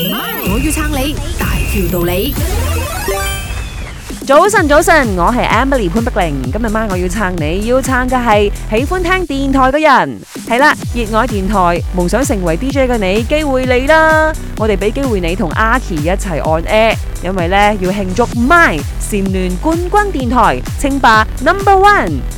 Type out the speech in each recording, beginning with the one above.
我要撐你，大條道理。早晨，早晨，我係 Emily 潘碧玲。今日晚我要撐你，要撐嘅係喜歡聽電台嘅人。係啦，熱愛電台，夢想成為 DJ 嘅你，機會你啦！我哋俾機會你同阿 k e 一齊按 A，因為咧要慶祝 My 蟬聯冠軍電台，稱霸 Number、no. One。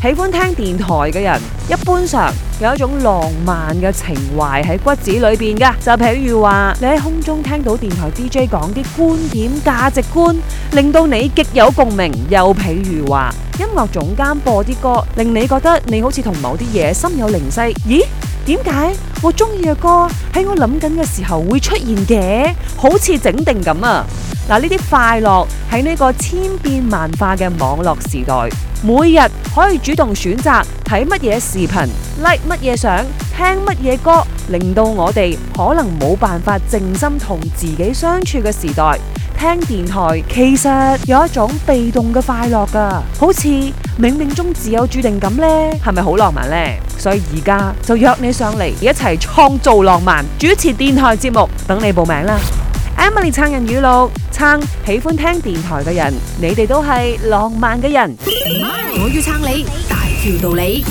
喜歡聽電台嘅人，一般上有一種浪漫嘅情懷喺骨子裏邊㗎。就譬如話，你喺空中聽到電台 DJ 講啲觀點價值觀，令到你極有共鳴；又譬如話，音樂總監播啲歌，令你覺得你好似同某啲嘢心有靈犀。咦？點解我中意嘅歌喺我諗緊嘅時候會出現嘅？好似整定咁啊！嗱，呢啲快樂喺呢個千變萬化嘅網絡時代，每日可以主動選擇睇乜嘢視頻、like 乜嘢相、聽乜嘢歌，令到我哋可能冇辦法靜心同自己相處嘅時代。聽電台其實有一種被動嘅快樂噶，好似冥冥中自有注定咁呢，係咪好浪漫呢？所以而家就約你上嚟一齊創造浪漫，主持電台節目，等你報名啦，Emily 撐人語錄。撐喜歡聽電台嘅人，你哋都係浪漫嘅人，嗯。我要撐你，大條道理。